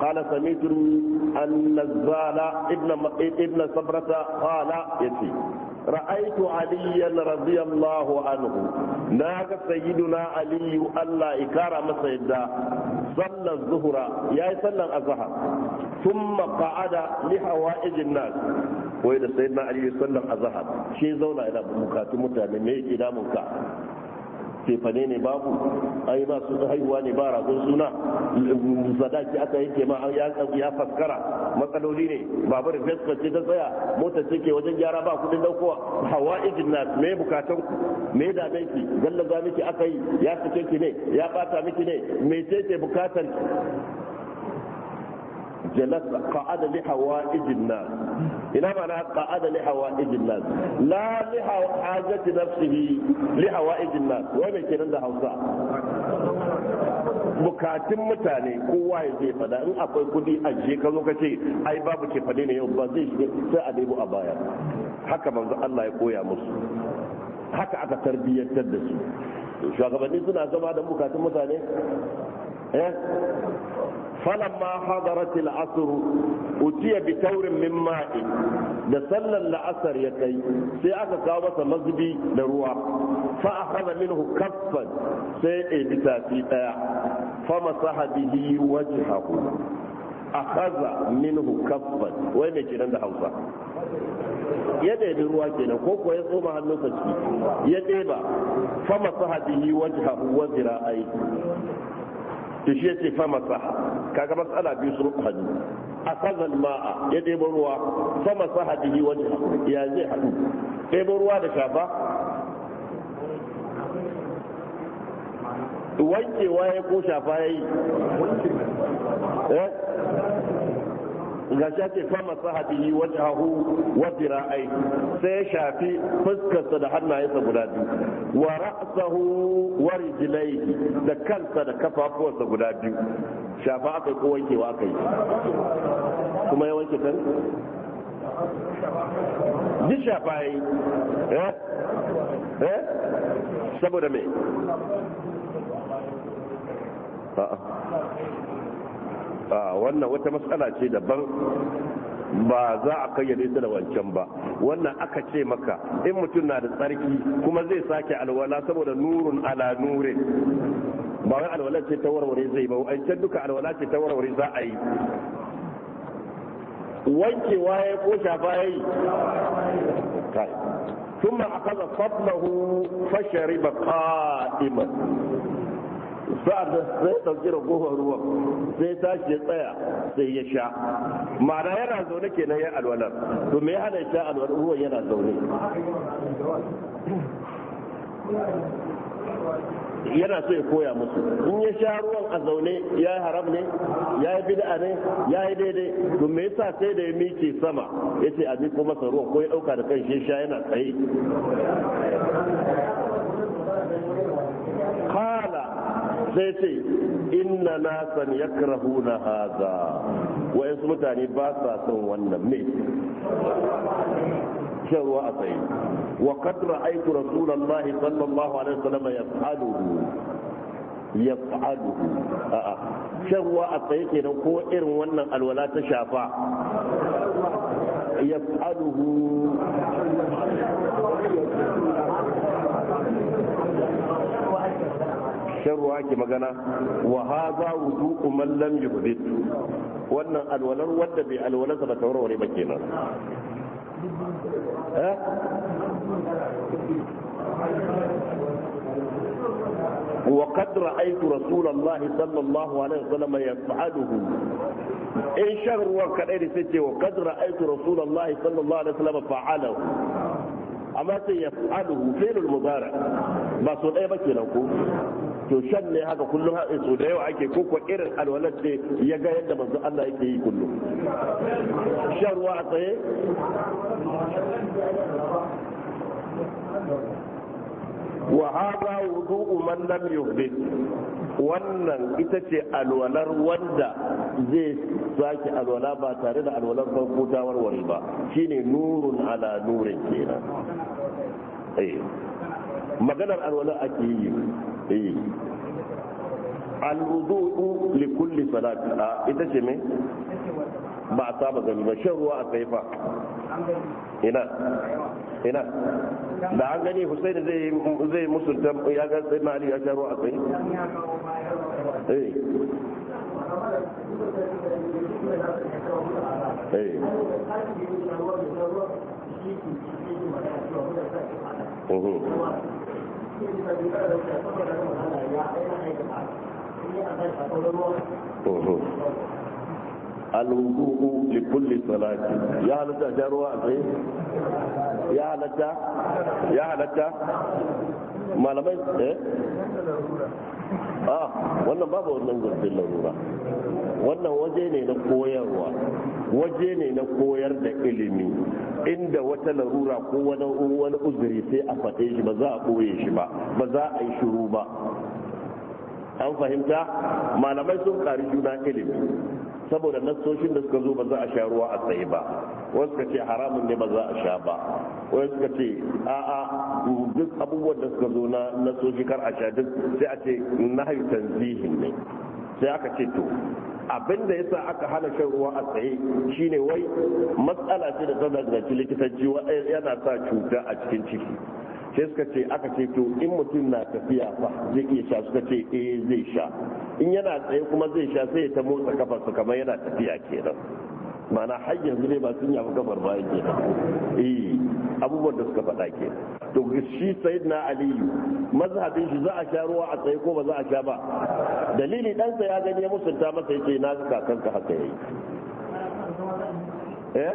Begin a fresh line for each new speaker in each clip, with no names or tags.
قال سمعت أن الزال ابن ابن صبرة قال يتي رأيت عليا رضي الله عنه ناك سيدنا علي الله إكرم سيدا صلى الظهر يا صلى الظهر ثم قعد لحوائج الناس wai da sayyidina ali sallan azhar shi zauna ina bukatu mutane me yake damun ka cefane ne babu a ba su haihuwa ne ba ragun suna sadaki aka yanke ma ya faskara matsaloli ne babu rufesfa ce ta tsaya motar ce ke wajen gyara ba kudin daukowa hawa ijin na me bukatan ku me dame ki gallaza miki aka yi ya fice ki ne ya bata miki ne me ce ce bukatar ki jalasa qa'ada li hawa'ijin nas ina mana qa'ada li hawa'ijin nas la li hajati nafsihi li hawa'ijin nas wa me kenan da Hausa bukatun mutane kowa ya je fada in akwai kudi a je ka zo ka ce ai babu ke fade ne yau ba zai shi sai a debo a baya haka manzo Allah ya koya musu haka aka tarbiyyantar da su shugabanni suna zama da bukatun mutane eh فلما حضرت العصر أتي بتور من ماء da sallan la'asar ya kai sai aka kawo masa mazubi da ruwa fa akhadha minhu kaffan sai ya ɗebi tafi ɗaya fa masaha bihi wajhahu akhadha minhu kaffan wai me kenan da Hausa ya ɗebi ruwa kenan ko ya bihi to shi yace fa masaha kaga mas'ala biyu su hadu akaza ma'a ya debo ruwa fa masaha bihi wajha ya zai hadu debo ruwa da shafa wankewa ya ko shafa yayi eh? ga shi ake fama sahabihi wajhahu wa dira'ai sai ya shafi fuskarsa da hannayensa guda biyu wa ra'sahu wa rijlaihi da kansa da kafafuwarsa guda biyu shafa aka ko wa aka yi kuma ya wanke kan ji shafa yi eh eh saboda me a'a wannan wata matsala ce daban ba za a kayyade ta da wancan ba wannan aka ce maka in mutum na da tsarki kuma zai sake alwala saboda nurun ala nure ba wai alwala ce ta warware zai ba wancan duka alwala ce ta warware za a yi wankewa ya ko shafa ya yi aka أخذ فضله فشرب قائما sa'an da sai ɗauki ragowar ruwan sai tashi ya tsaya sai ya sha ma'ana yana zaune kenan ya alwalar to me ya hana sha alwalar ruwan yana zaune yana so ya koya musu in ya sha ruwan a zaune ya yi haram ne ya yi bid'a ne ya yi daidai to me yasa sai da ya miƙe sama ya ce a miƙo masa ruwan ko ya ɗauka da kan shi sha yana tsaye kala sai ce inna nasan haza, hadha wayansu mutane ba sa son wannan me shan ruwa a tsaye wa qad ra'aytu rasulullahi sallallahu alaihi wasallam yaf'aluhu yaf'aluhu a'a shan ruwa a tsaye nan ko irin wannan alwala ta shafa
Ya yaf'aluhu
sharruwa ke magana wa haza wudu man lam yuhdith wannan alwalar wanda bai alwalarsa ba tawarware ba kenan eh وقد رأيت رسول الله صلى الله عليه وسلم يفعله إن شهر وكأن ستة وقد رأيت رسول الله صلى الله عليه وسلم فعله أما يفعله فعل المضارع ما سؤال أي بكي لنكو to shan ne haka kullum haɗe so da yawa ake ko ko irin alwalar ce ya ga yadda manzo Allah yake yi kullum shan ruwa a tsaye wa hada wudu'u man lam yuhdith wannan ita ce alwalar wanda zai sake alwala ba tare da alwalar farko ta warware ba shine nurun ala nurin kenan eh. maganar alwala ake yi الوضوء لكل صلاة آه، إذا جمي بعد طابق المشروع الطيفة هنا هنا لا عندني حسين زي زي مسلم تم يا جالس ما لي أشروع الطيفة
إيه إيه أمم
alwudu li kulli salati ya halatta sha ruwa a tsaye ya halatta ya halatta malamai eh ah wannan babu wannan gurbin larura wannan waje ne na koyarwa waje ne na koyar da ilimi inda wata larura ko wani uzuri sai a fate shi ba za a koye shi ba ba za a yi shiru ba an fahimta malamai sun ƙari juna ilimi saboda nassoshin da suka zo ba za a sha ruwa a tsaye ba wasu ka ce haramun ne ba za a sha ba wasu ka ce a'a duk abubuwan da suka zo na nassoshi kar a sha duk sai a ce nahayu tanzihin ne sai aka ce to abin da yasa aka hana shan ruwa a tsaye shine wai matsala ce da ta danganci likitanci eh, yana sa cuta a cikin ciki sai suka ce aka ce to in mutum na tafiya fa zai iya sha suka ce eh zai sha in yana tsaye kuma zai sha sai ya ta motsa kafarsa kamar yana tafiya kenan mana har yanzu dai ba sun yafi kafar bayan kenan eh abubuwan da suka faɗa ke to shi na aliyu mazhabin shi za a sha ruwa a tsaye ko ba za a sha ba dalili ɗansa ya gani ya musunta masa yace na ga kakanka haka yayi eh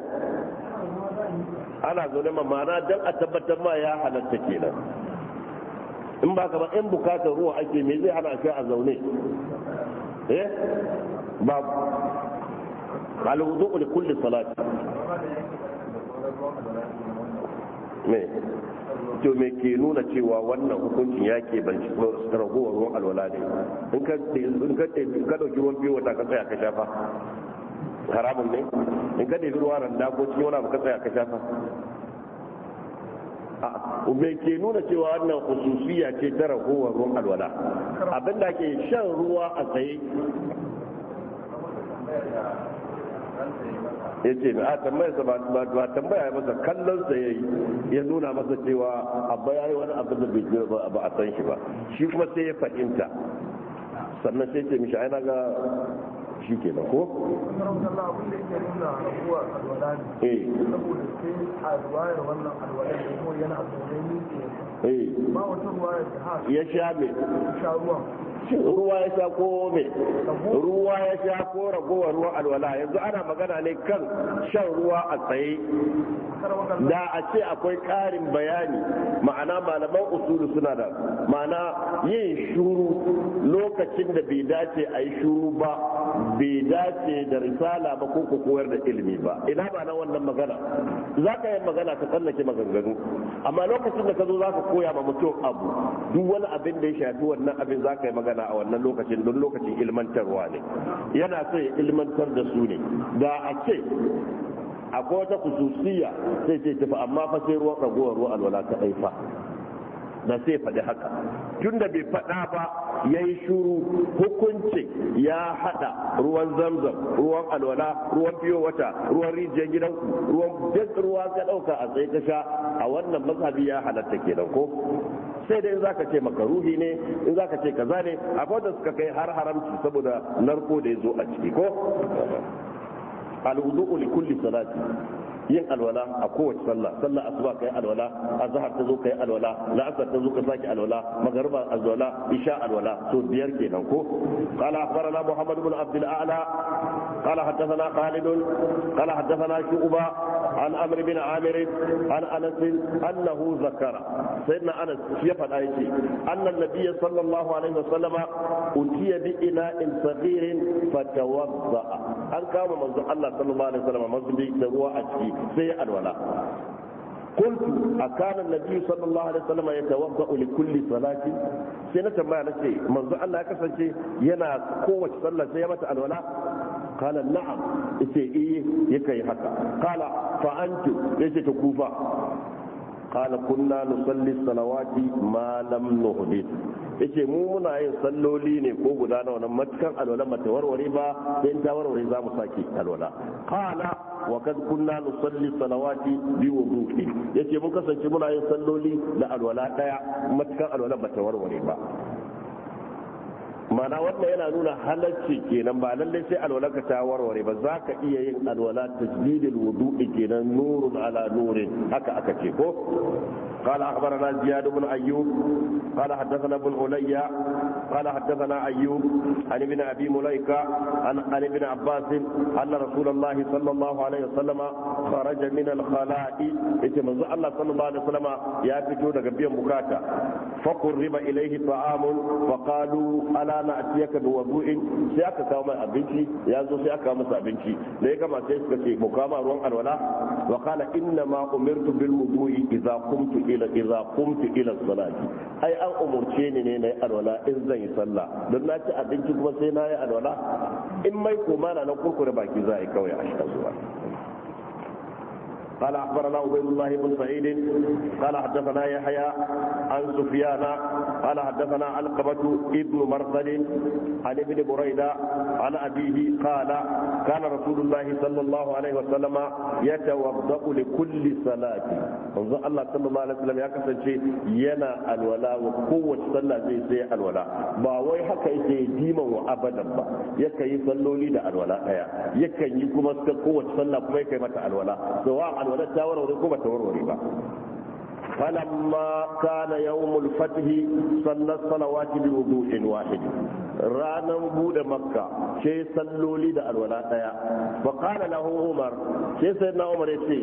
ana zaune ma ma'ana dan a tabbatar ma ya halatta kenan in ba ka ba in bukatar ruwa ake me zai hana sha a zaune eh ba al-wudu li kulli salati to me ke nuna cewa wannan hukuncin ya ke banci ragowar ruwan alwala ne in ka ɗauki ruwan biyu wata ka tsaya ka shafa haramun ne in ka ɗauki ruwan randa ko cikin wani abu ka tsaya ka shafa me ke nuna cewa wannan hususiya ce ta ragowar ruwan alwala abinda ke shan ruwa a tsaye ya ce a tambayarsa ba tambaya masa kallonsa ya yayi ya nuna masa cewa abba ya yi wani abin da bai ba a san shi ba shi kuma sai ya fahimta sannan sai ce mishi aina ga shi ke ko?
Eh. Eh. Eh. ya sha mai ruwa ya sha ko me ruwa ya sha ko
ragowar ruwa alwala yanzu ana magana ne kan shan ruwa a tsaye da a ce akwai karin bayani ma'ana malaman usulu suna da ma'ana yin shuru lokacin da bai dace a yi shuru ba bai dace da risala ba ko ku koyar da ilimi ba ina ba na wannan magana za ka yi magana ka tsallake maganganu amma lokacin da ka zo za ka koya ma mutum abu duk wani abin da ya shafi wannan abin za ka yi magana masana a wannan lokacin don lokacin ilmantarwa ne yana so ya ilmantar da su ne da a ce akwai wata kususiya sai ce tafi amma fa sai ruwan ragowar ruwa alwala ta fa da sai faɗi haka tunda bai faɗa ba ya yi shuru hukunci ya haɗa ruwan zamzam ruwan alwala ruwan biyo wata ruwan rijiyar ku ruwan duk ruwa ka ɗauka a tsaye ka a wannan mazhabi ya halatta ke ko sai dai za ka ce makaruhi ne in za ka ce kaza ne akwai da suka kai har haramci saboda narko da ya zo a ciki ko salati yin alwala a kowace sallah sallah asuba kai alwala azhar ta zo kai alwala la'asar ta zo ka saki alwala magariba alwala isha alwala to biyar kenan ko qala akhbarana muhammad ibn abd al-a'la qala hadathana khalid qala hadathana shu'ba an amr bin amir an anas annahu zakara sayyidina anas ya fada yace anna nabiyya sallallahu alaihi wasallama utiya bi ina'in saghirin fatawadda an kama manzo Allah sallallahu alaihi wasallama manzo da ruwa a ciki sai ya alwala kuntu a kanan na sallallahu alaihi wasallam ya tawaba uli kulli salati sai na tambaya nace manzo Allah ya kasance yana kowace sallah sai ya mata alwala kala na'am yace eh yake haka kala fa antu yace ta kufa kala kunna nusalli salawati ma lam nuhdith yace mu muna yin salloli ne ko guda nawa nan matukan alwala mata warware ba sai ta warware za mu sake alwala qala wa kad kunna nusalli salawati bi wudu'i yace mun kasance muna yin salloli da alwala daya matukan alwala mata warware ba mana wannan yana nuna halarci kenan ba lalle sai alwala ka ta warware ba za ka iya yin alwala tajdidul wudu'i kenan nurun ala nurin haka aka ce ko قال اخبرنا زياد بن ايوب قال حدثنا ابن عليا قال حدثنا ايوب عن ابن ابي مليكه عن عن ابن عباس ان رسول الله صلى الله عليه وسلم خرج من الخلاء yace manzo Allah sallallahu alaihi wasallam ya fito daga biyan bukata faqurriba ilayhi ta'amun faqalu ala ana atiyaka da wadu'in sai aka kawo mai abinci ya zo sai aka masa abinci da ya kama sai suka ce mu kama ruwan alwala wa kala inna ma umirtu bil wudu'i idza qumtu ila idza qumtu ila salati ai an umurce ni ne nayi alwala in zan yi sallah don naci abinci kuma sai na yi alwala in mai koma na na kurkure baki za a yi kawai a shi zuwa قال اخبرنا عبيد الله بن سعيد قال حدثنا يحيى عن سفيان قال حدثنا علقبة ابن مرثد عن ابن بريدة عن أبيه قال كان رسول الله صلى الله عليه وسلم يتوضأ لكل صلاة منظر الله صلى الله عليه وسلم يكسر شيء ينا الولاء وقوة صلاة زي سي الولاء ما وي حكا يسي ديما وأبدا با يكا يصلوا لي الولاء يكا يكما قوة صلاة كما يكا الولاء سواء alwalad ta warware ko bata warware ba falamma kana yawmul fathi sallat salawati bi wudu'in wahid ranan bude makka ke salloli da alwala daya fa qala lahu umar ke sayyidina umar yace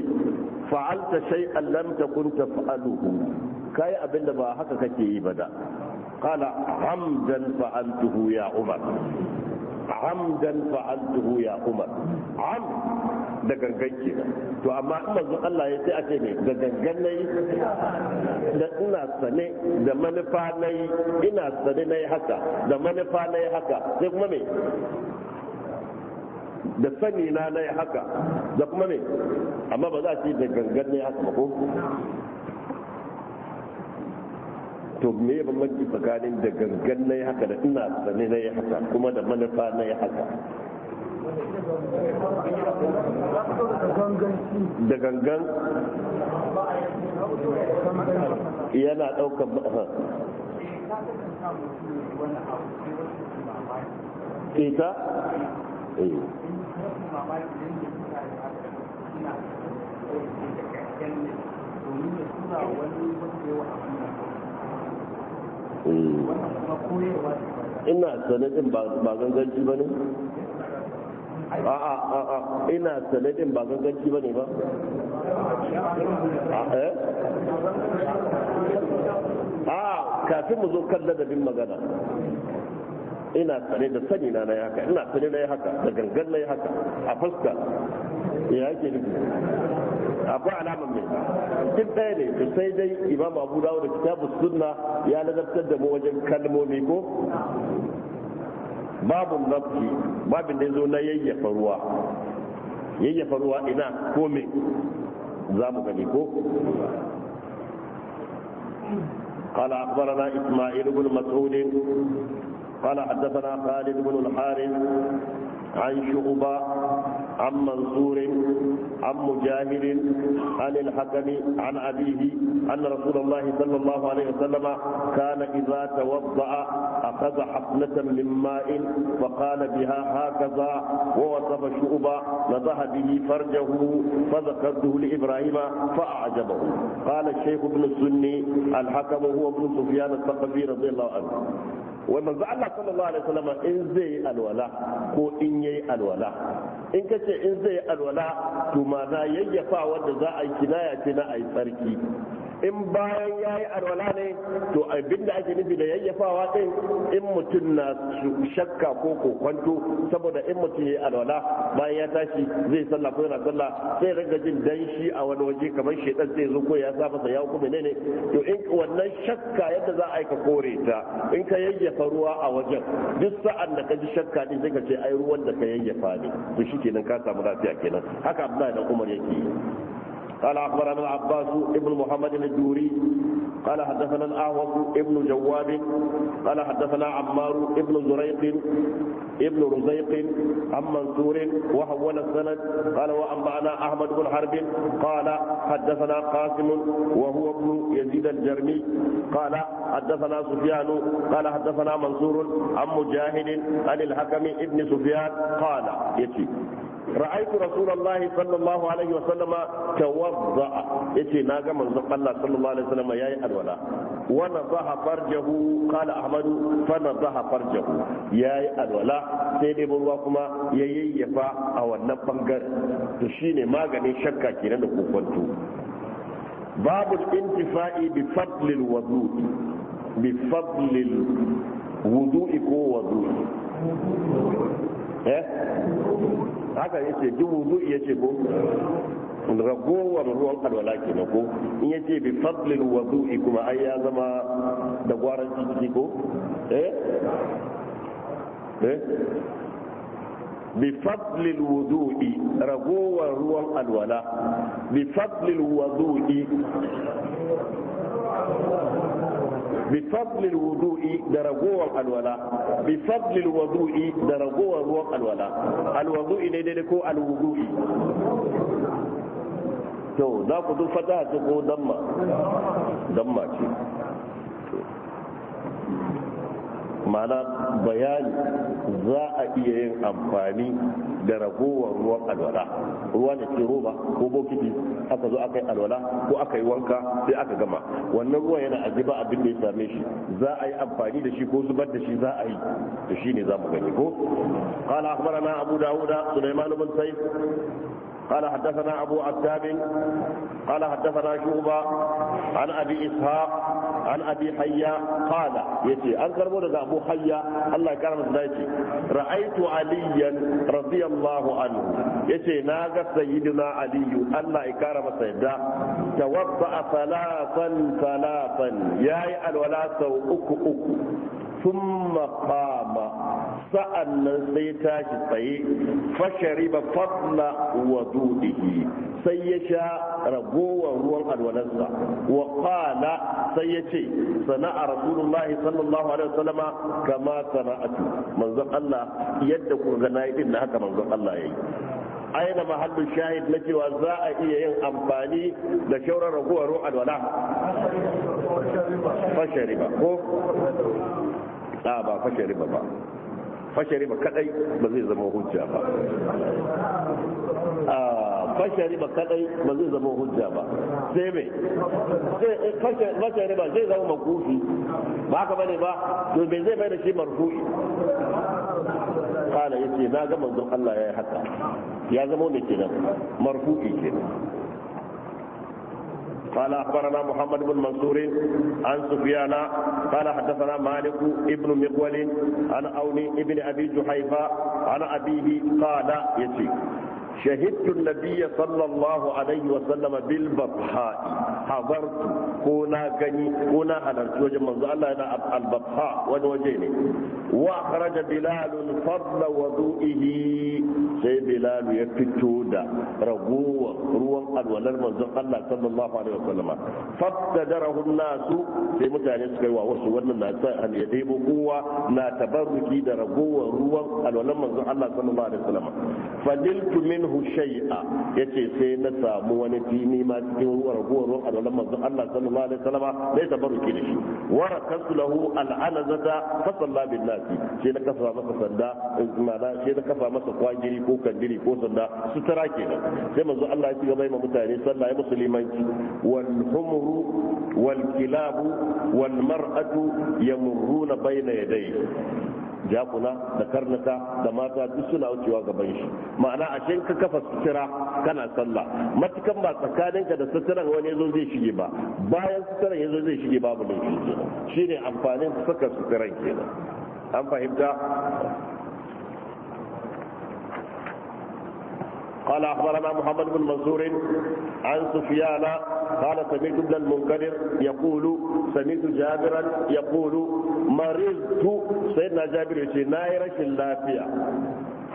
fa'alta shay'an lam takun taf'aluhu kai abinda ba haka kake yi ba da قال عمدا فعلته يا عمر عمدا فعلته يا عمر عمد da gangan ke to amma in manzo Allah ya sai a ce ne da gangan nayi da ina sane da manufa nayi ina sane nayi haka da manufa nayi haka sai kuma me da sani na nayi haka da kuma me amma ba za a ce da gangan nayi haka ba ko to me ya bambanci tsakanin da gangan na yi haka da ina sane na yi haka kuma da manufa na yi haka da gangan yana ɗaukar
ita eh. Eh.
ina sanadin ba ganganci ba ne? a a a a ina sane ba ganganci ba ne ba a eh? kafin mu zo kan ladabin magana ina sane da sani na na haka ina sane na haka da gangan na haka a fuska ya ke nufi akwai alamar mai duk ɗaya ne to sai dai imam abu dawo da kitabu sunna ya ladabtar da mu wajen kalmomi ko Babu zabki babin da zo na yayyafa ruwa yayyafa ruwa ina ko me za mu gani ko قال أخبرنا إسماعيل بن مسعود قال حدثنا خالد بن الحارث عن شعبة عن منصور عن مجاهد عن الحكم عن أبيه أن رسول الله صلى الله عليه وسلم كان إذا توضأ أخذ حفنة من ماء فقال بها هكذا ووصف شؤب نضح به فرجه فذكرته لإبراهيم فأعجبه قال الشيخ ابن السني الحكم هو ابن سفيان الثقفي رضي الله عنه wai manzo Allah sallallahu alaihi wasallam in zai alwala ko in yayi alwala in kace in zai alwala to ma na yayyafa wanda za a yi kinaya ce na yi tsarki in bayan
ya yi alwala ne to
abinda ake nufi da yayyafawa din in mutum na shakka ko kokwanto saboda in mutum ya yi alwala bayan ya tashi zai sallah ko yana sallah sai ranga jin danshi a wani waje kamar shedan zai zo ko ya sa masa ya kuma ne to in wannan shakka yadda za a yi ka kore ta in ka yayyafa ruwa a wajen duk sa'an da ka ji shakka din sai ka ce ai ruwan da ka yayyafa ne to shikenan ka samu lafiya kenan haka Abdullahi da Umar yake yi قال أخبرنا العباس ابن محمد الجوري قال حدثنا الأعوض ابن جواب قال حدثنا عمار ابن زريق ابن رزيق عن منصور وحول السند قال وأنبأنا أحمد بن حرب قال حدثنا قاسم وهو ابن يزيد الجرمي قال حدثنا سفيان قال حدثنا منصور عن مجاهد عن الحكم ابن سفيان قال يتي ra'aytu rasulullahi sallallahu alaihi wa sallama tawadda yace na ga manzon Allah sallallahu alaihi wa sallama yayi alwala wa nadaha farjahu qala ahmadu fa nadaha farjahu yayi alwala sai dai ruwa kuma ya yayyafa a wannan bangar to shine maganin shakka kenan da kokonto babu intifa'i bi fadlil wudu'i bi fadlil wudu'i ko wudu eh haka yace ji ya ce ko ragowar ruwan alwala ke na ko in ya ce bi fadlin wadu'i kuma ai ya zama da gwaran ciki ko eh eh bi fadlil wudu'i ragowar ruwan alwala bi fadlil wudu'i bi fadlil wudu'i da ragowar alwala bi fadlil wudu'i da ragowar ruwan alwala alwudu'i ne daidai ko alwudu'i to za ku duk fata ko damma damma ce mana bayani za a iya yin amfani da ragowar ruwan alwala ruwa da ke roba ko bokiti aka zo aka yi alwala ko aka yi wanka sai aka gama wannan ruwan yana ajiba abin da ya same shi za a yi amfani da shi ko zubar da shi za a yi to ne za mu gani ko قال حدثنا أبو عتاب قال حدثنا شعبة عن أبي إسحاق عن أبي حيا قال يتي أنكر مولد أبو حيا الله كرم دايتي رأيت عليا رضي الله عنه يتي ناقة سيدنا علي الله كرم سيدا توضأ ثلاثا ثلاثا يا الولاة سو أكو أكو ثم قام sa'annan sai tashi tsaye fashari ba fadla wa dudihi sai ya sha ragowar ruwan alwalarsa wa qala sai ya ce sana'a rasulullahi sallallahu alaihi wasallama kama sana'atu manzon Allah yadda kuka ga nayi din haka manzon Allah yayi aina mahallin shahid na cewa za a iya yin amfani da shauran ragowar ruwan alwala fashari ba ko da ba fashe riba ba fashe riba kadai ba zai zama hujja ba a ah, fashe riba kadai ba zai zama hujja ba sai me eh, fashe riba zai zama makufi ba ka bane ba to me zai mai da shi marfu'i kana yace na ga manzon Allah yayi haka ya zama me kenan marfu'i kenan قال اخبرنا محمد بن منصور عن سفيان قال حدثنا مالك ابن مقول عن اوني ابن ابي جحيفه عن ابيه قال يتي شهدت النبي صلى الله عليه وسلم بالبطحاء حضرت كنا غني كنا حضرت وجه منذ الله أنا البطحاء ونوجيني وأخرج بلال فضل وضوئه سي بلال يكتودا رغوة روان الولى منذ الله صلى الله عليه وسلم فابتدره الناس سي متعني سكوا وسوى الناس أن يديبوا قوة لا تبركي درغوة روان الولى منذ الله صلى الله عليه وسلم فنلت من minhu shay'a yace sai na samu wani fini ma cikin ragowar ruwan alwalan manzo Allah sallallahu alaihi wasallam dai tabarruki da shi wa rakasu lahu al'anazata fa salla bin nas sai na kafa masa sanda ma'ana sai na kafa masa kwangiri ko kandiri ko sanda sutura kenan sai manzo Allah ya ci gaba ma mutane sallah ya musulmanci wal humru wal kilabu wal mar'atu yamurruna bayna yadayhi jakuna da karnuka da mata duk suna wucewa gaban shi ma'ana a shin ka kafa sutura kana sallah matukan ba tsakaninka da suturan wani yazo zai shige ba bayan suturan yazo zai shige babu laifi kenan shine amfanin saka suturan kenan an fahimta قال أخبرنا محمد بن منصور عن سفيان قال سمعت ابن المنكدر يقول سمعت جابرا يقول مرضت سيدنا جابر يقول نايرة اللافية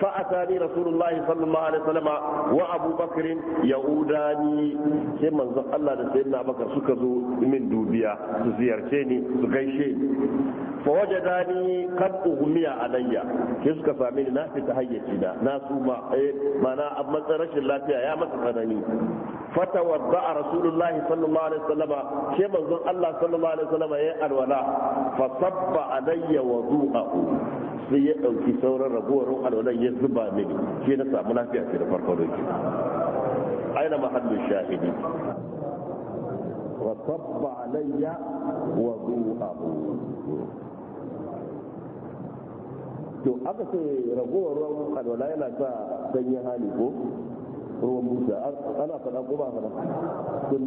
فأتاني رسول الله صلى الله عليه وسلم وأبو بكر يعوداني sai manzon Allah da sayyidina Abubakar suka zo min dubiya su ziyarce ni su gaishe ni fa wajadani qad ughmiya alayya sai suka same ni na fita hayyaci na na suma mana a matsayin rashin lafiya ya masa tsanani فتوضأ رسول الله صلى الله عليه وسلم كما الله صلى الله عليه وسلم يا الولاء فصب علي وضوءه sai ya ɗauki sauran ragowar alwalan ya zuba mini shi na samu lafiya ce da farko doki aina mahallin shahidi wa alayya wa zu'ahu to aka ce raguwar ruwan alwala yana sa sanyin hali ko ruwan buta ana faɗa ko ba faɗa to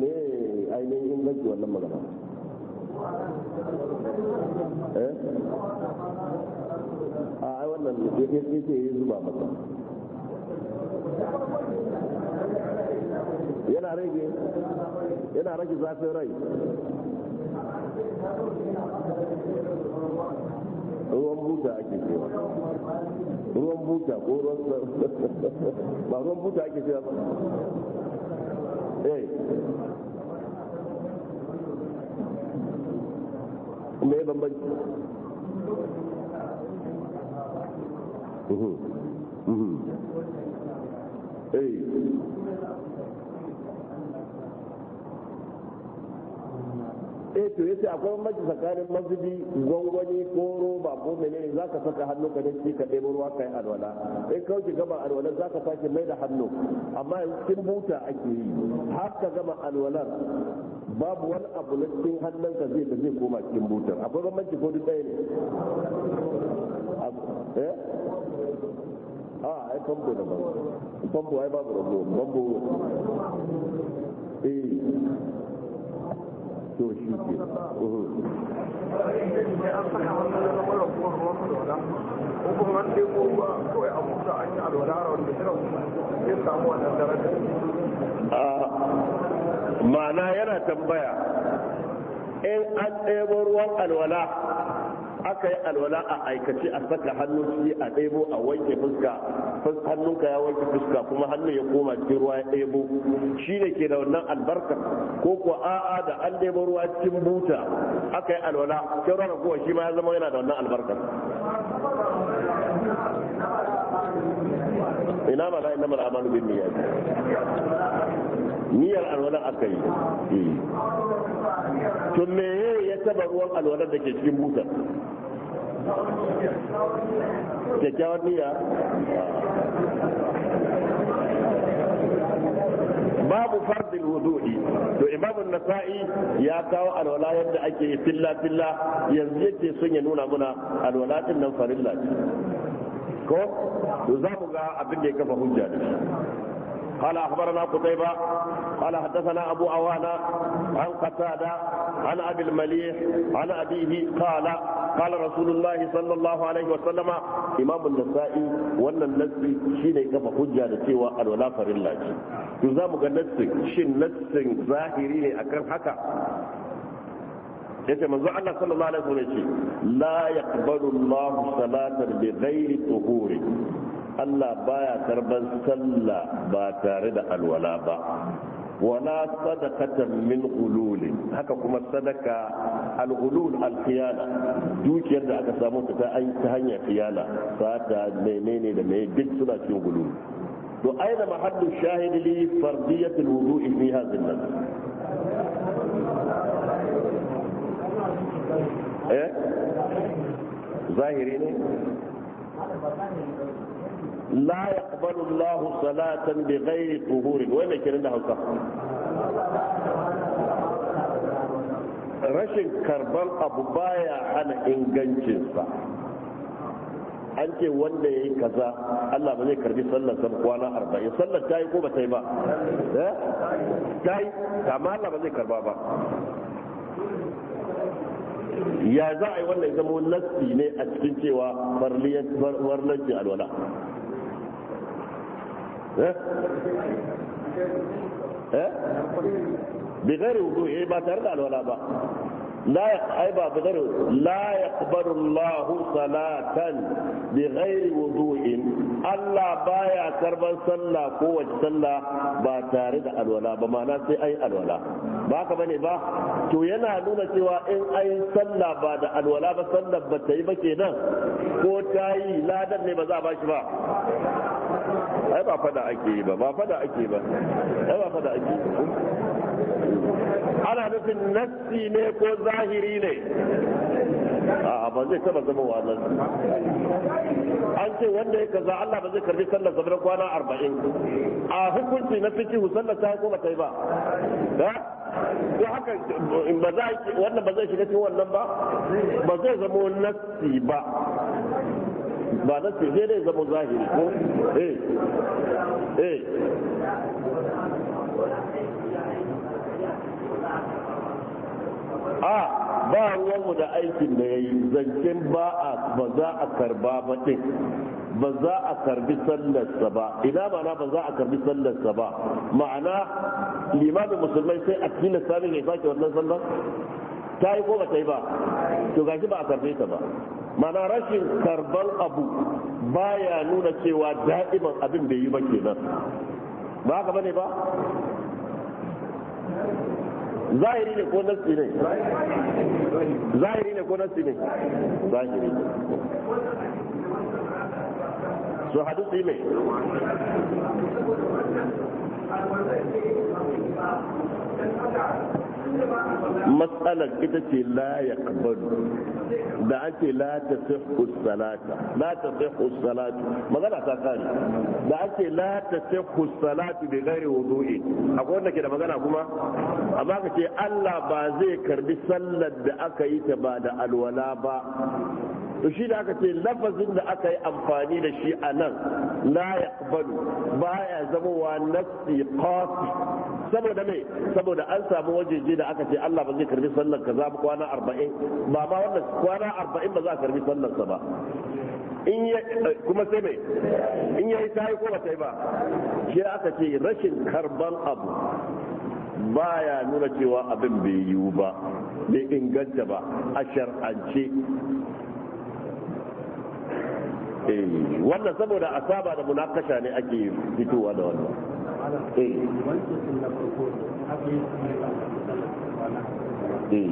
me ainihin inganci wannan magana
Eh? a ah, ai wannan ya ce yi zuba masa yana rage
yana rage zafin rai ruwan buta ake cewa ruwan buta ko ruwan ba ruwan buta ake cewa ba eh me ya bambanci
mhm. Mhm. Eh.
eh to yace akwai maji tsakanin mazubi gwangwani ko roba ko menene zaka saka hannu ka dace ka ɗebo ruwa kai alwala in ka wuce gama alwala zaka sake mai da hannu amma kin buta ake yi har ka gama alwalar babu wani abu na cikin hannunka zai da zai koma cikin butar akwai bambanci ko duk ɗaya ne a eh? ah, ai famfo
da ba famfo ai babu rago famfo eh to shi ke ko an ko ba kawai a mutu an yi alwala
wanda ya samu wannan darajar ma'ana yana tambaya in an ɗebo ruwan alwala aka yi alwala a aikace a saka hannu shi a ɗebo a wanke fuska hannunka ya wanke fuska kuma hannu ya koma cikin ruwa ya ɗebo shi ne ke da wannan albarka ko kuwa a'a da an ɗebo ruwa cikin buta aka yi alwala sai ruwa kuwa shi ma ya zama yana da wannan albarkar. ina ma na ina mara amalu bin niyyar niyyar alwalar aka yi hmm. to me ya taba ruwan alwalar da ke cikin butar kyakkyawar niyya babu fardin wudu'i to imamu nasa'i ya kawo alwala yadda ake filla filla yanzu yake son ya nuna muna alwala din nan farilla ce
ko to za ku
ga abin da ya kafa hujja ne kala akhbarana qutaiba kala hadathana abu awana an qatada an abil malih an abihi kala rasulullahi sallallahu alaihi wa sallama imam an-nasa'i wannan nassi shine ya kafa hujja da cewa alwala farillahi to za mu ga nassi shin nassin zahiri ne akan haka yace manzo Allah sallallahu alaihi wasallam yace la yaqbalu Allahu salatan bi ghairi tuhuri Allah baya karban sallah ba tare da alwala ba wala sadaqatan min hulul haka kuma sadaka al-hulul dukiyar da aka samu ta ta hanyar khiyana sata menene da me duk suna cikin hulul to aina mahallu shahidi li fardiyatul wudu'i fi hadhihi eh zahiri ne la yaqbalu Allah salatan bi ghairi tuhurin wai mai kirin da Hausa rashin karban abu baya hana ingancinsa an ce wanda ya yi kaza Allah ba zai karbi sallar sa kwana arba'in sallar ta yi ko ba ta yi ba eh? ta yi kama Allah ba zai karba ba ya za a yi wannan zama nassi ne a cikin cewa farlanci alwala eh? eh? bi gari wudu eh ba tare da alwala ba لا أي بغير لا يقبل الله صلاة بغير وضوء Allah baya karban sallah kowace sallah ba tare da alwala ba ma'ana sai an yi alwala ba ka bane ba to yana nuna cewa in an yi sallah ba da alwala ba sallar ba ta yi ba kenan ko ta yi ladan ne ba za a ba shi ba ai ba fada ake yi ba ba fada ake ba ai ba fada ake ana nufin nassi ne ko zahiri ne a ba zai taba zama wa nan an ce wanda ya kaza Allah ba zai karbi sallar zaman kwana arba'in a hukunci na fikihu sallar ta ko ba ta yi ba ko haka ba za wannan ba zai shiga cikin wannan ba ba zai zama nasi ba ba na ce dai zama zahiri ko eh eh a ah. ba ruwanmu da aikin da ya yi zancen ba a ba za a karba ba ɗin ba za a karbi sallarsa ba ina ma'ana ba za a karbi sallarsa ba ma'ana limamin musulmai sai a cikin sami ya sake wannan sallar ta yi ko ba ta yi ba to gashi ba a karbe ta ba ma'ana rashin karban abu baya nuna cewa da'iman abin da yi ba kenan ba haka bane ba zahiri ne ko nasi ne zahiri ne ko nasi ne zahiri ne su hadisi ne
Thank you.
matsalar ita ce la ya da an ce la ta sihhu salata la ta salatu magana ta kare da an ce la ta sihhu salatu bi ghairi wudu'i akwai wanda ke da magana kuma amma ka ce Allah ba zai karbi sallar da aka yi ta ba da alwala ba to shi da aka ce lafazin da aka yi amfani da shi a nan na Ba ya zama wa nafsi qati saboda mai saboda an samu wajeje da aka ce Allah ba zai karbi ka za mu kwana arba'in. ba ma wannan kwana arba'in ba za a karbi sallar sa ba in ya kuma sai mai in ya ta yi ko ba yi ba shi aka ce rashin karban abu baya nuna cewa abin bai yiwu ba bai inganta ba a shar'ance Eh, wannan saboda a saba da munakasha ne ake fitowa da wannan
eh. Eh.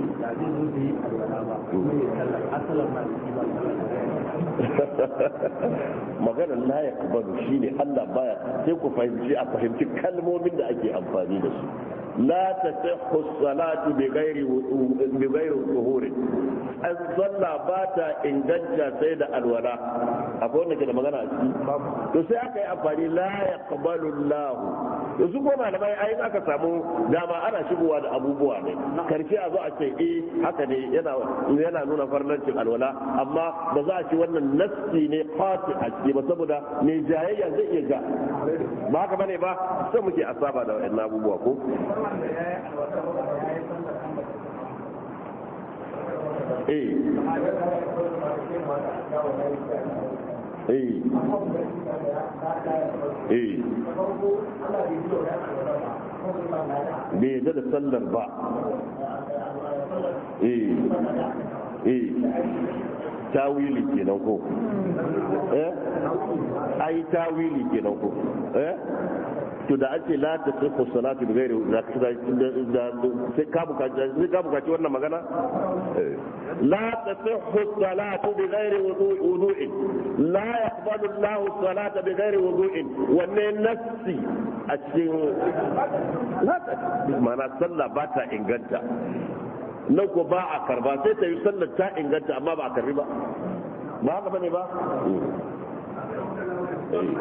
maganar layak kubaru shi ne allah baya sai ku fahimci a fahimci kalmomin da ake amfani da su la tasihhu salatu bi ghairi bi ghairi tuhuri as ba ta inganta sai da alwala akwai wanda ke da magana a ciki to sai aka yi amfani la yaqbalu Allah yanzu ko malamai ai aka samu dama ana shigowa da abubuwa ne karshe a zo haka ne yana yana nuna farlancin alwala amma ba za a ci wannan nassi ne qati a ciki ba saboda mai jayayya zai iya ja ba haka bane ba sai muke asaba da wannan abubuwa ko Eh. Eh. Eh. bai da da sallar ba Ta wili tawili kenan ko eh ai tawili kenan ko to da ake la ta tsiku salatu da gairu da sai ka bukaci wannan magana eh. la ta tsiku salatu da gairi wudu'in la yaqbalu Allahu salata da gairi wudu'in wanne nassi a cikin mana sallah ba ta inganta na ko ba a karba sai ta yi sallar ta inganta amma ba a karbi ba
ba haka bane ba eh.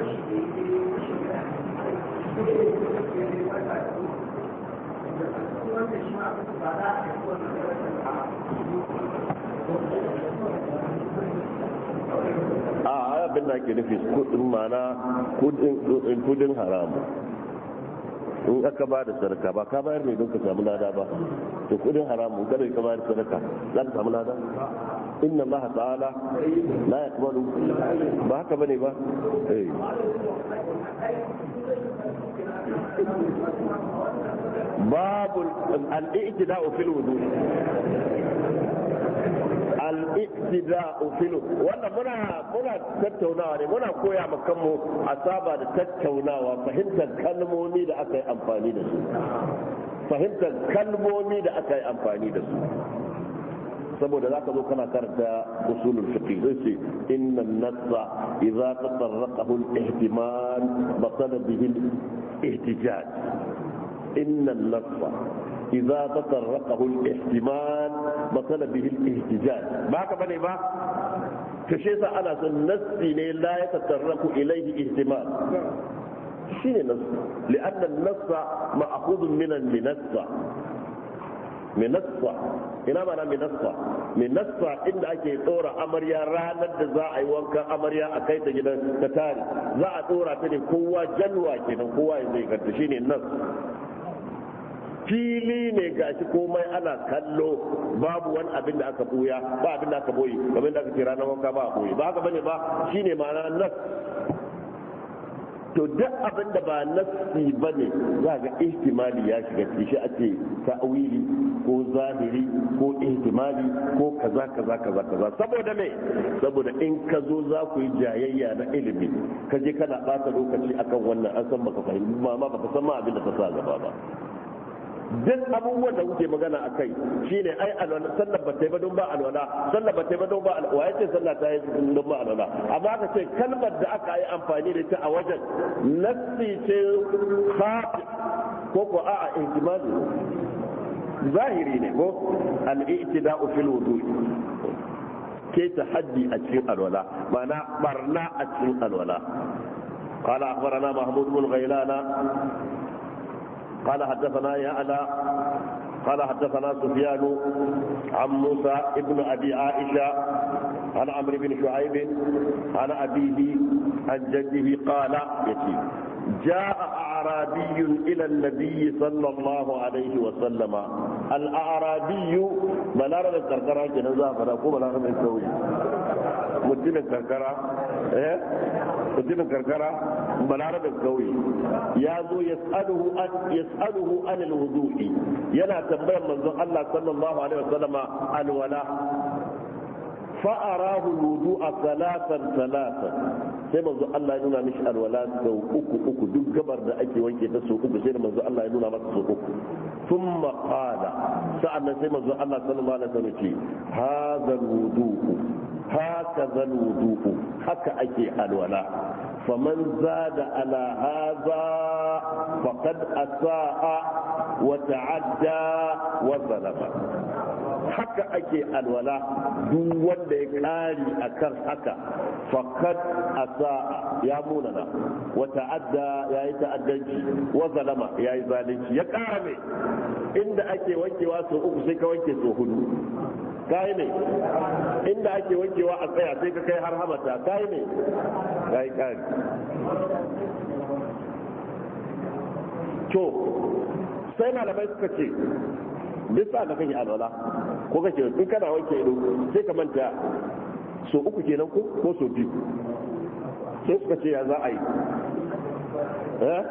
a abin da ke nufi kudin mana kudin haramu in aka ba da sadaka ba ka bayar mai don ka samu lada ba to kudin haramu kada ka bayar sadaka za ka samu lada inna allaha ta'ala la yaqbalu ba haka bane ba eh babu al-iqtida'u fil wudu al-iqtida'u
muna
tattaunawa ne muna koya ma kanmu saba da tattaunawa fahimtar kalmomi da aka yi amfani da su fahimtar kalmomi da aka yi amfani da su saboda za ka zo kana karanta usulul fiqh zai ce inna an nassa idza tatarraqahu al-ihtimal batala bihi al-ihtijaj inna an nassa idza tatarraqahu al-ihtimal batala bihi al-ihtijaj ba haka bane ba to shi yasa ana son nassi ne la ya tatarraku ilayhi ihtimal shine nassi li'anna an-nassa ma'khudun min an-nassa minassa ina mana minassa minassa inda ake tsora amarya ranar da za a yi wankan amarya a kai ta gidan ta tare za a tsora ta ne kowa jalwa kenan kowa ya zai shi ne nas fili ne gashi komai ana kallo babu wani abin da aka buya ba abin da aka boye kamar da aka ce ranar wanka ba a boye ba haka bane ba shine ma'ana nas to duk abin da ba nasi ba ne za ga ihtimali ya shiga ciki shi ake ta'awili ko zahiri ko ihtimali ko kaza kaza kaza kaza saboda me saboda in ka zo za ku yi jayayya na ilimi ka je kana bata lokaci akan wannan an san baka fahimci ba ma baka san ma abin da ka sa gaba ba duk abubuwan da kuke magana a kai shine ai alwala sallar ba ta yi ba don ba alwala sallar ba ta yi ba don ba alwala wa ce sallar ta yi don ba alwala amma aka ce kalmar da aka yi amfani da ta a wajen nassi ce fati ko ko a'a ijmali zahiri ne ko al-i'tida'u fil wudu' keta haddi a cikin alwala ma'ana barna a cikin alwala قال أخبرنا محمود بن غيلان قال حدثنا يا ألا قال حدثنا سفيان عن موسى ابن ابي عائشه عن عمرو بن شعيب عن ابيه عن جده قال جاء اعرابي الى النبي صلى الله عليه وسلم الاعرابي بلاره الكركره فلا زافره كو بلاره الكوي مدين الكركره ايه mutumin karkara balarabin kauye ya zo yas'aluhu an yas'aluhu an alwudu'i yana tambayar manzon Allah sallallahu alaihi wasallama alwala fa arahu alwudu'a salatan salatan sai manzo Allah ya nuna mishi alwala sau uku uku duk gabar da ake wanke ta sau uku sai manzo Allah ya nuna masa sau uku thumma qala sa'annan sai manzo Allah sallallahu alaihi wasallam ce hadha alwudu'u haka zan wudu'u haka ake alwala faman zada ala haza faqad asa'a wa ta'adda wa zalama haka ake alwala duk wanda ya kari akan haka faqad asa'a ya munana wa ta'adda yayi ta'addanci wa zalama yayi zalunci ya kara inda ake wankewa so uku sai ka wanke so hudu kai ne inda ake wankewa a tsaya sai ka kai har hamata kai ne kai kai to sai malamai suka ce duk sa da kake alwala ko kake in kana wanke ido sai ka manta so uku kenan ko ko so biyu sai suka ce ya za a yi eh?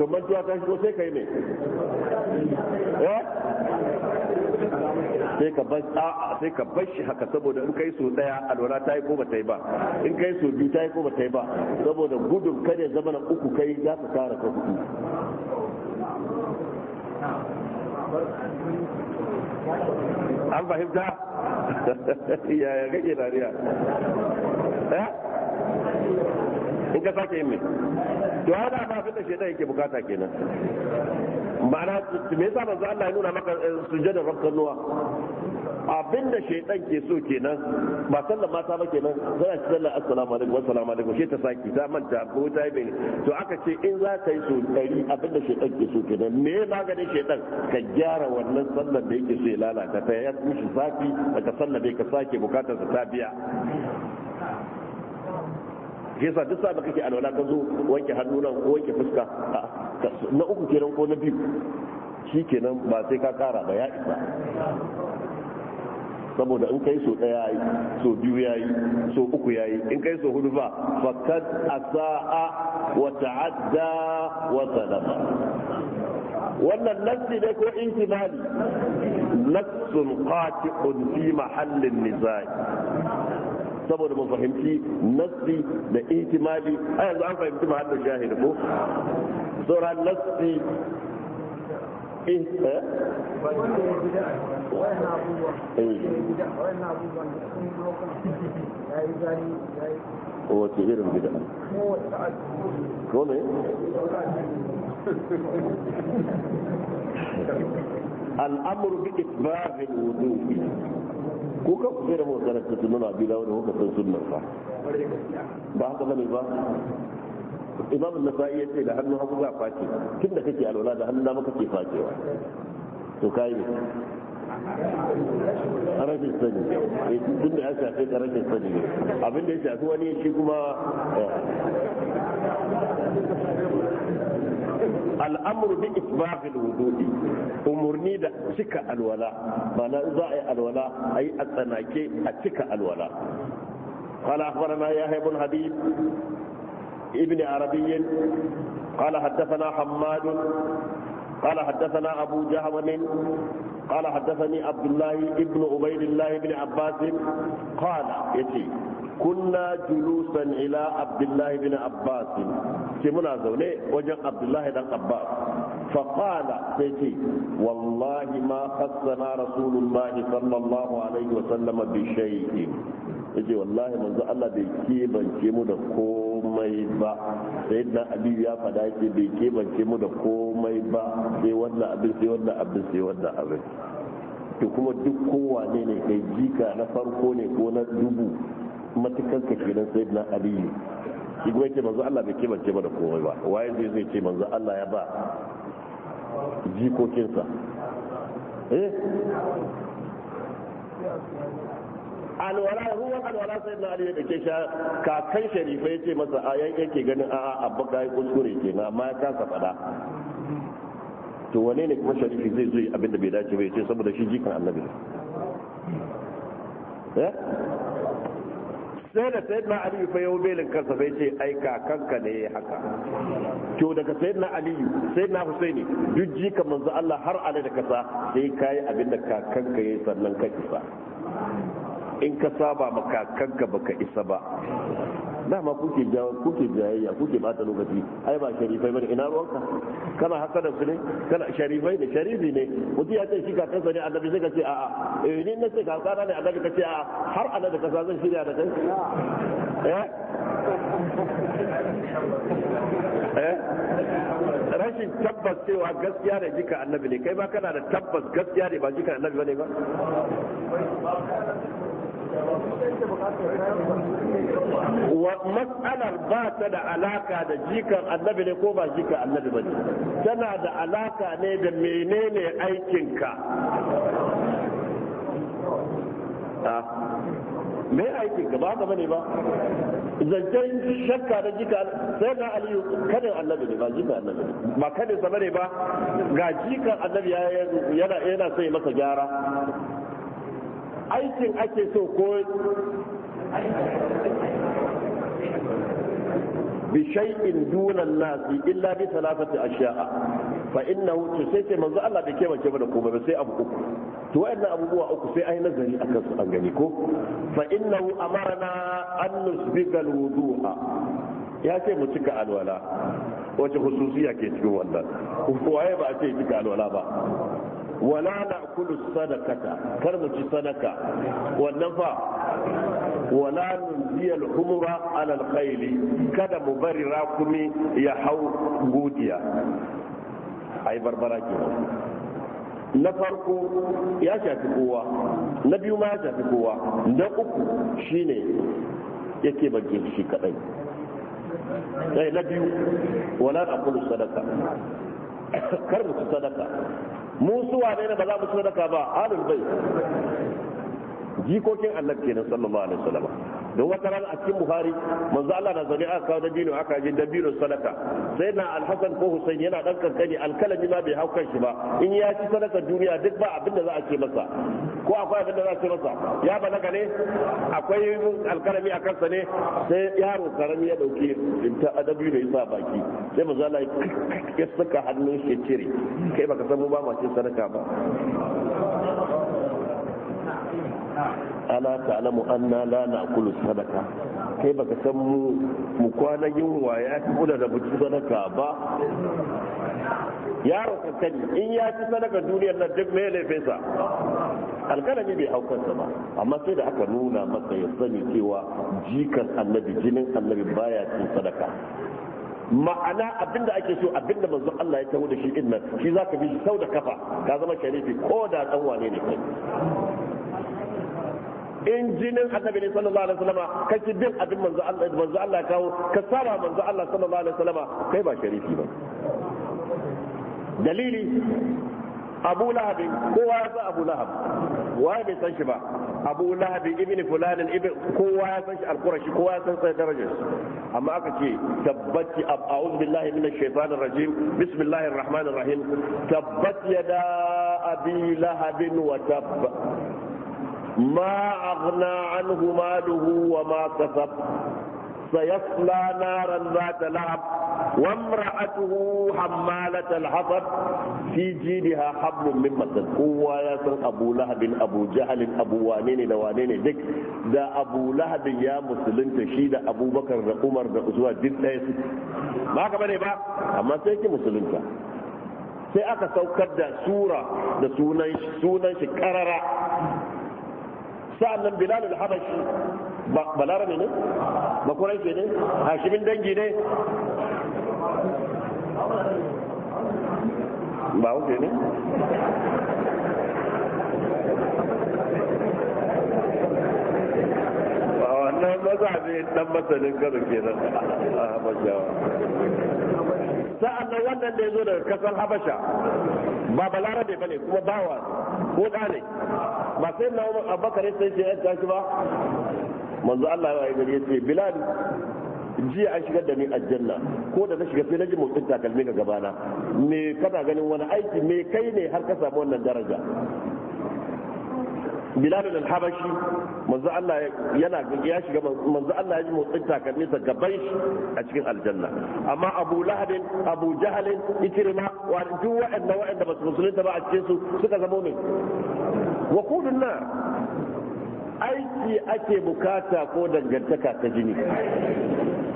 to mantuwa ta shigo sai ka yi ne sai ka bar a sai ka bar shi haka saboda in kai so daya alwala ta yi ko ba ta yi ba in kai so biyu ta yi ko ba ta yi ba saboda gudun kare zama na uku kai za ka kara ka hudu
an fahimta yaya kake dariya eh? in
ka sake yin mai to ya da ba da shaitan yake bukata kenan ma'ana me yasa manzo Allah ya nuna maka eh, sujjadar nuwa? abinda shaitan ke so kenan ba sallan mata ba kenan zai ci sallar assalamu alaikum wa salamu alaikum shi ta saki ta manta ko ta yi to aka ce in za ka yi so dari abinda shaitan ke so kenan me maganin shaitan ka gyara wannan sallar da yake so ya lalata ta ya mishi zafi ka sallar da ka sake bukatar sa ta biya shi yasa duk sa da kake alwala ka zo wanke hannu nan ko wanke fuska na uku kenan ko na biyu shi kenan ba sai ka kara ba ya isa saboda in kai so daya yayi so biyu yayi so uku yayi in kai so hudu ba fakat asaa wa ta'adda wa zalama wannan nassi ne ko intimali nassun qati'un fi mahallin nizai saboda mu fahimci nassi da ihtimali a yanzu an fahimci ma hadda shahid ko sauran nassi eh wace irin bida ko ne al'amur bi isbahin wudu'i ko ka ku da muka karanta sunan abi dawud da kuka san sunnan sa ba haka bane ba imam an-nasa'i yace da hannu hagu ba face tunda kake alwala da hannu dama kake facewa to kai ne rashin sani eh, tun da ya shafe ka rashin sani ne abin da ya shafi wani shi kuma eh. al'amuru bi isbafil wudu'i umurni da cika alwala ma'ana za a alwala ay atsanake a cika alwala qala akhbarana يحيى بن habib ibn arabiy qala hadathana hammad قال حدثنا أبو جهم قال حدثني عبد الله ابن عبيد الله بن عباس قال يتي kunna julusan ila abdullahi bin abbas ce muna zaune wajen abdullahi dan abbas فقال سيتي والله ما خصنا رسول الله صلى الله عليه وسلم بشيء yace wallahi manzo Allah bai kebance mu da komai ba sai na abi ya fada yake bai kebance mu da komai ba sai wannan abin sai wannan abin sai wannan abin to kuma duk kowa ne ne kai jika na farko ne ko na dubu matukan ka kenan sai na aliyu shi kuma yake manzo Allah bai kebance ba da komai ba waye zai zai ce manzo Allah ya ba jikokinsa eh alwala ruwa alwala sai na aliyu da ke sha kakan sharifai ce masa a yake ganin a abba ga kuskure kenan amma ya kasa fada to wane ne kuma sharifi zai zo abinda bai dace ba ya ce saboda shi jikan annabi ya sai da na aliyu fa yau belin kansa sai ce ai kakanka ne ya haka to daga na aliyu sai na husaini duk jika manzo Allah har alai da kasa sai kai abin da kakanka yayi sannan ka isa in ka saba ma kakanka baka isa ba dama kuke jawo kuke biyayya kuke bata lokaci ai ba sharifai bane ina ruwanka kana haka da ne kana sharifai ne sharifi ne mutum ya ce shi ka kansa ne annabi sai ka ce a'a eh ni na ce ka kana ne annabi ka ce a'a har annabi ka sa zan shirya da kai eh, eh? rashin tabbas cewa gaskiya ne jika annabi ne kai ba kana da tabbas gaskiya ne ba jika annabi bane ba Wa mas'alar ba ta da alaka da jikan annabi ne ko ba jikan annabi ba tana da alaka ne da menene aikinka ah, me aikin ka ba ka bane ba zancen shakka da jika sai na aliyu kanin annabi ne ba jika annabi ne ba kadin sa bane ba ga jika annabi yana yana sai masa gyara
aikin ake so ko
bi shay'in duna nasi illa bi salatati ashya'a fa innahu tusaysa manzo Allah da kema kema da kuma sai abu uku to wayannan abubuwa uku sai ai nazari akan su an gani ko fa innahu amarna an nusbiga alwudu'a ya ce mu cika alwala wace hususiya ke cikin wannan ko waye ba a ce cika alwala ba wala na kulu sadakata kar mu ci sadaka wannan fa wala nunziya al-humra ala al-khayli kada mu bari rakumi ya hau godiya ai barbara kenan na farko ya shafi kowa na biyu ma ya shafi kowa na uku shine yake bage shi kadai sai na biyu wala Kulu sadaka kar mu ci sadaka mu suwa ne ba za mu sadaka ba ahlul bai jikokin annabi kenan sallallahu alaihi wasallam don wata rana a cikin buhari manzo Allah na zane aka kawo dabino aka je dabino sadaka sai na alhasan ko husain yana dan kankani alkalami ma bai hau shi ba in ya ci sadaka duniya duk ba abin da za a ce masa ko akwai abin da za a ce masa ya ba balaga ne akwai alkalami a kansa ne sai yaro karami ya dauki ta dabino ya sa baki sai manzo Allah ya saka hannun shi cire kai baka san mu ba ma cin sadaka ba ala ta'lamu anna la na'kulu sadaka kai baka san mu mu kwana yunwa ya fi kula da buci sadaka ba ya ka in ya ci sadaka duniyar nan duk mai fesa, alkalami bai haukansa ba amma sai da aka nuna masa ya sani cewa jikan annabi jinin annabi baya cin sadaka ma'ana abinda ake so abinda manzo Allah ya tawo da shi din nan shi zaka bi sau da kafa ka zama sharifi ko da dan wane ne kai in jinin annabi ne sallallahu alaihi wasallama kake bin abin manzo Allah manzo Allah kawo ka saba manzo Allah sallallahu alaihi wasallama kai ba sharifi ba dalili abu Lahab kowa ya san abu lahab waye bai san shi ba abu Lahab ibn Fulan ibn kowa ya san shi alqurashi kowa ya san sai darajar amma aka ce tabbati a'udhu billahi minash shaitanir rajim bismillahir rahmanir rahim tabbat yada abi Lahab wa tabba ما أغنى عنه ماله وما كسب سيصلى نارا ذات لهب وامرأته حمالة الحطب في جيدها حبل من مسد هو يا أبو لهب أبو جهل أبو وانين لوانين ذك دا أبو لهب يا مسلم تشيد أبو بكر دا عمر دا أسوة جد ما كمان با أما سيكي مسلم sai aka saukar da sura da sunan shi sa'an nan bilal al-habashi ba balarabe ne ne, ba kuraishi ne hashimin dangi ne ba wuce ne Ba wannan mazaje dan masanin gado kenan a habashawa sa'an nan wannan da ya zo daga kasar habasha ba ne ba ne kuma bawa ko da ne ba sai na umar abubakar ya sai ya tashi ba manzo Allah ya gari ya ce bilal jiya an shigar da ni aljanna ko da na shiga sai na ji motsin takalmi ga gabana me kana ganin wani aiki me kai ne har ka samu wannan daraja bilalun al-habashi manzo Allah yana ya shiga manzo Allah ya ji motsin takalmin sa gaban shi a cikin aljanna amma Abu Lahab Abu Jahl Ikrima wa duk waɗanda waɗanda ba su musulunta ba a cikin su suka zama ne wa kudun na aiki ake bukata ko dangantaka ta jini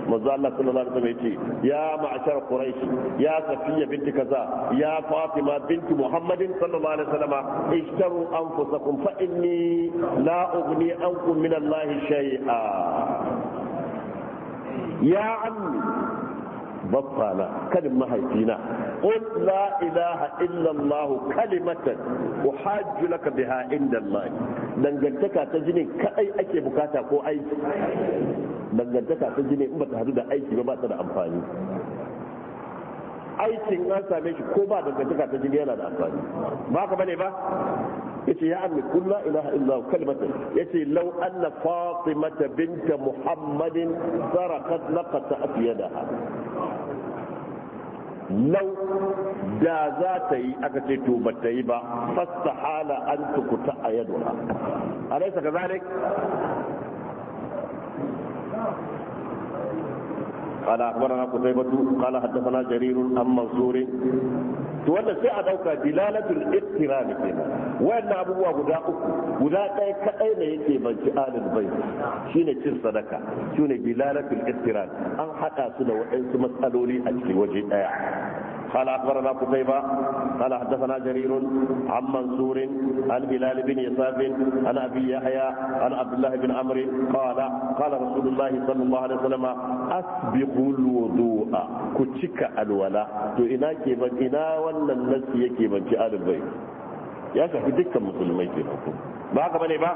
manzo Allah sallallahu alaihi wasallam yace ya ma'ashar quraish ya safiya binti kaza ya fatima binti muhammadin sallallahu alaihi wasallam ishtaru anfusakum fa inni la ughni ankum min Allah shay'a ya ammi babbana kalin mahaifina qul la ilaha illa allah kalimatan uhajju laka biha inda allah dangantaka ta jini kadai ake bukata ko aiki dangantaka ta jini in bata hadu da aiki ba ta da amfani aikin an same shi ko ba dangantaka ta jini yana da amfani ba ka ba yace ya ammi kullu la ilaha illa kalimatan yace law anna binta muhammadin sarakat laqata afyadaha lau da za ta yi aka ce to ba ta yi ba fasta hala an tukuta a yadda alaisa ka zalik قال أخبرنا قتيبة قال حدثنا جرير عن منصور wanda sai a dauka dilalatul ittiram kenan wannan abubuwa guda uku guda ɗaya kaɗai ne yake banci alil bai shine cin sadaka shine dilalatul ittiram an hada su da waɗansu matsaloli a cikin waje ɗaya قال اخبرنا قتيبة قال حدثنا جرير عن منصور عن بلال بن يساف عن ابي يحيى عن عبد الله بن عمرو قال قال رسول الله صلى الله عليه وسلم اسبقوا الوضوء كتشك الولاء تو انا كيبن انا ولا الناس يكيبن ال البيت يا شيخ dukkan musulmai ke ba ما bane ba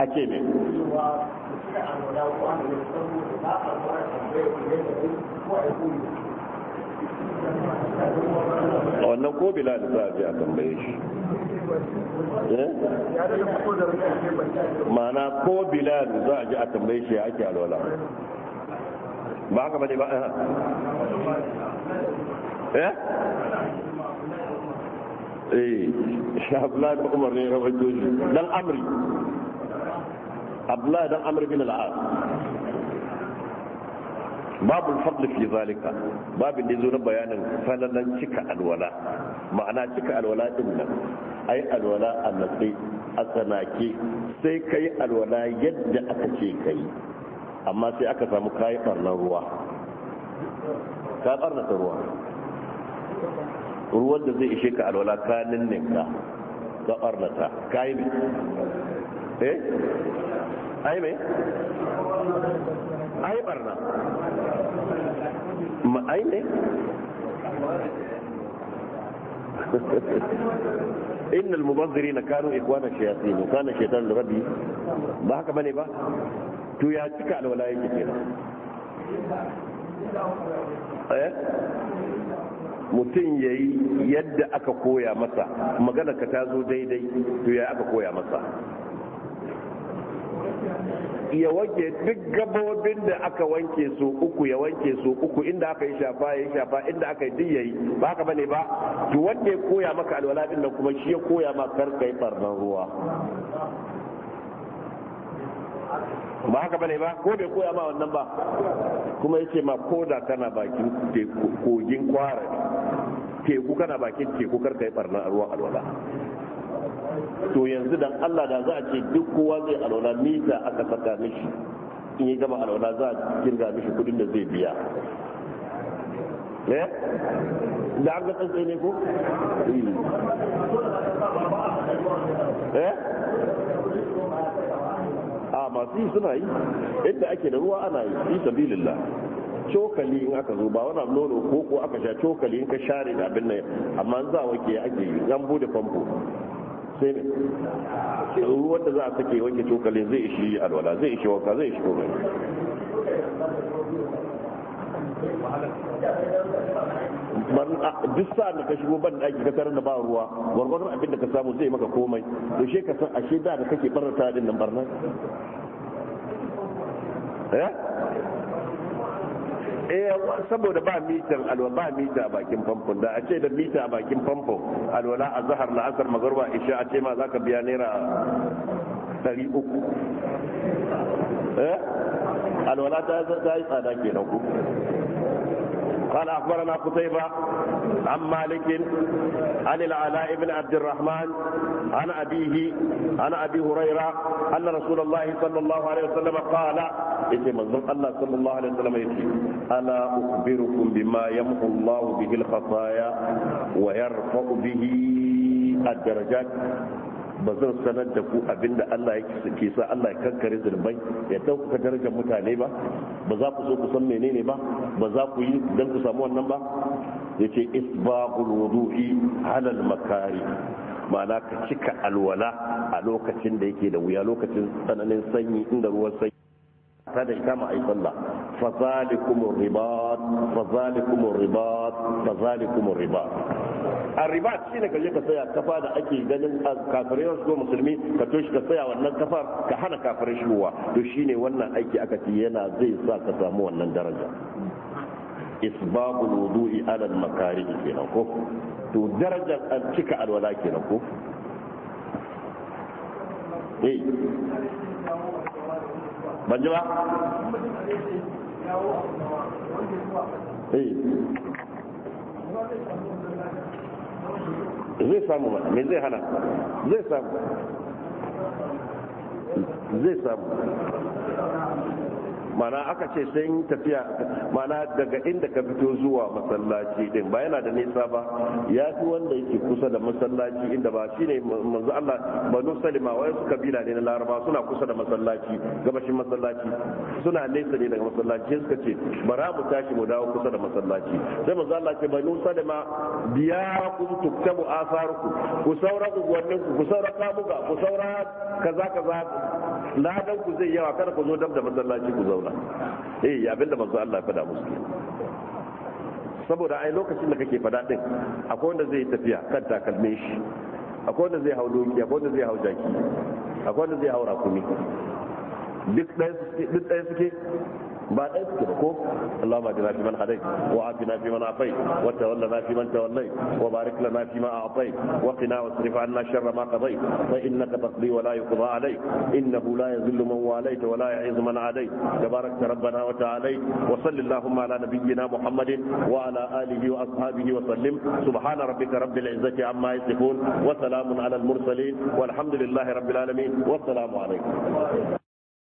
a a
wannan ko bilal za a ji a tambaye shi eh? ma'ana ko bilal za a ji a tambaye shi ya ake alwala ba haka bane ba eh eh, eh shabla da umar ne rawaito shi dan amri abdullahi dan amri bin al'ad babu fadli fi zalika babin da zo na bayanin falalan cika alwala ma'ana cika alwala din nan ai alwala a natsi a tsanake sai kai alwala yadda aka ce kai amma sai aka samu kayi barnan ruwa ka barnata ruwa ruwan da zai ishe ka alwala ka ninninka ka barnata ka yi eh
ai me ai barna ma ai ne
inna almubazzirina kanu ikwana shayatin kana shaytan rabbi ba haka bane ba to ya cika alwalayin ki kenan eh mutum ya yi yadda aka koya masa magana ka ta zo daidai to ya aka koya masa ya wanke duk gabobin da aka wanke su uku ya wanke su uku inda aka yi shafa ya shafa inda aka yi diyayi ba haka bane ba to wanda ya koya maka alwala din nan kuma shi ya koya ma kar yi barnan ruwa ba haka bane ba ko bai koya ma wannan ba kuma yace ma koda kana bakin kogin kwara teku kana bakin teku kar yi barnan ruwa alwala to yanzu dan Allah da za a ce duk kowa zai alwala mita aka saka mishi in yi gama alwala za a kirga mishi kudin da zai biya eh
da an ga tsantsai ne ko hmm.
eh a masu yi suna yi inda ake da ruwa ana yi fi sabilillah cokali in aka zo ba wani abu nono ko ko aka sha cokali in ka share da abin nan amma za a wake ake yi zan bude famfo sai ne da za a sake wanke cokali zai ishi alwala zai ishi wanka zai ishi komai duk sa da ka shigo ban da ka kasar da ba ruwa gwargwadon abin da ka samu zai maka komai da shi ka san ashe da da kake barnata din nan barna eh? eh saboda ba mitan alwa ba mita a bakin famfon da a ce da mita a bakin famfon alwala a zahar Asar magarba isha a ce ma za ka biya naira ɗari uku eh alwala ta yi tsada kenan ku قال اخبرنا قتيبة عن مالك عن العلاء بن عبد الرحمن عن ابيه عن ابي هريرة ان رسول الله صلى الله عليه وسلم قال إن مظلوم الله صلى الله عليه وسلم يقول ألا أخبركم بما يمحو الله به الخطايا ويرفع به الدرجات ba zan sanar da ku abin da Allah ya ke sa Allah ya kankare zunubai ya ɗaukaka darajar mutane ba ba za ku so ku san menene ba ba za ku yi don ku samu wannan ba ya ce isbaqul wudu'i halal makari ma'ana ka cika alwala a lokacin da yake da wuya lokacin tsananin sanyi inda ruwan sanyi ta kama ita ma ai sallah fa zalikumur ribat fa zalikumur ribat fa zalikumur ribat shine ka saya kafa da ake ganin kafirai su ko musulmi ka toshi ka saya wannan kafar ka hana kafirai shigowa to shine wannan aiki aka ce yana zai sa ka samu wannan daraja isbabul wudu'i ala al-makari kenan ko to darajar cika alwala kenan ko Eh. Eh. zai samu mana zai hana zai samu mana aka ce sai yin tafiya mana daga inda ka fito zuwa masallaci din ba yana da nisa ba ya fi wanda yake kusa da masallaci inda ba ne manzu Allah banu salima wai su kabila ne na laraba suna kusa da masallaci gabashin masallaci suna nesa ne daga masallaci suka ce bara mu tashi mu dawo kusa da masallaci sai manzu Allah ce banu salima biya kun tuktabu asaruku ku saura gwannin ku ku saura kamuga ku saura kaza kaza ladan ku zai yawa kada ku zo dab da masallaci ku zo. zauna eh abin da manzo Allah ya fada musu saboda ai lokacin da kake fada din akwai wanda zai tafiya kan takalme shi akwai wanda zai hau doki akwai wanda zai hau jaki akwai wanda zai hau rakumi duk ɗaya suke ما أدرك بكم اللهم أدنا في من خديت وعافنا في من عافيت وتولنا في من توليت وبارك لنا فيما أعطيت وقنا واصرف عنا شر ما قضيت فإنك تقضي ولا يقضى عليك إنه لا يذل من واليت ولا يعز من عاديت تبارك ربنا وتعالى وصل اللهم على نبينا محمد وعلى آله وأصحابه وسلم سبحان ربك رب العزة عما يصفون وسلام على المرسلين والحمد لله رب العالمين والسلام عليكم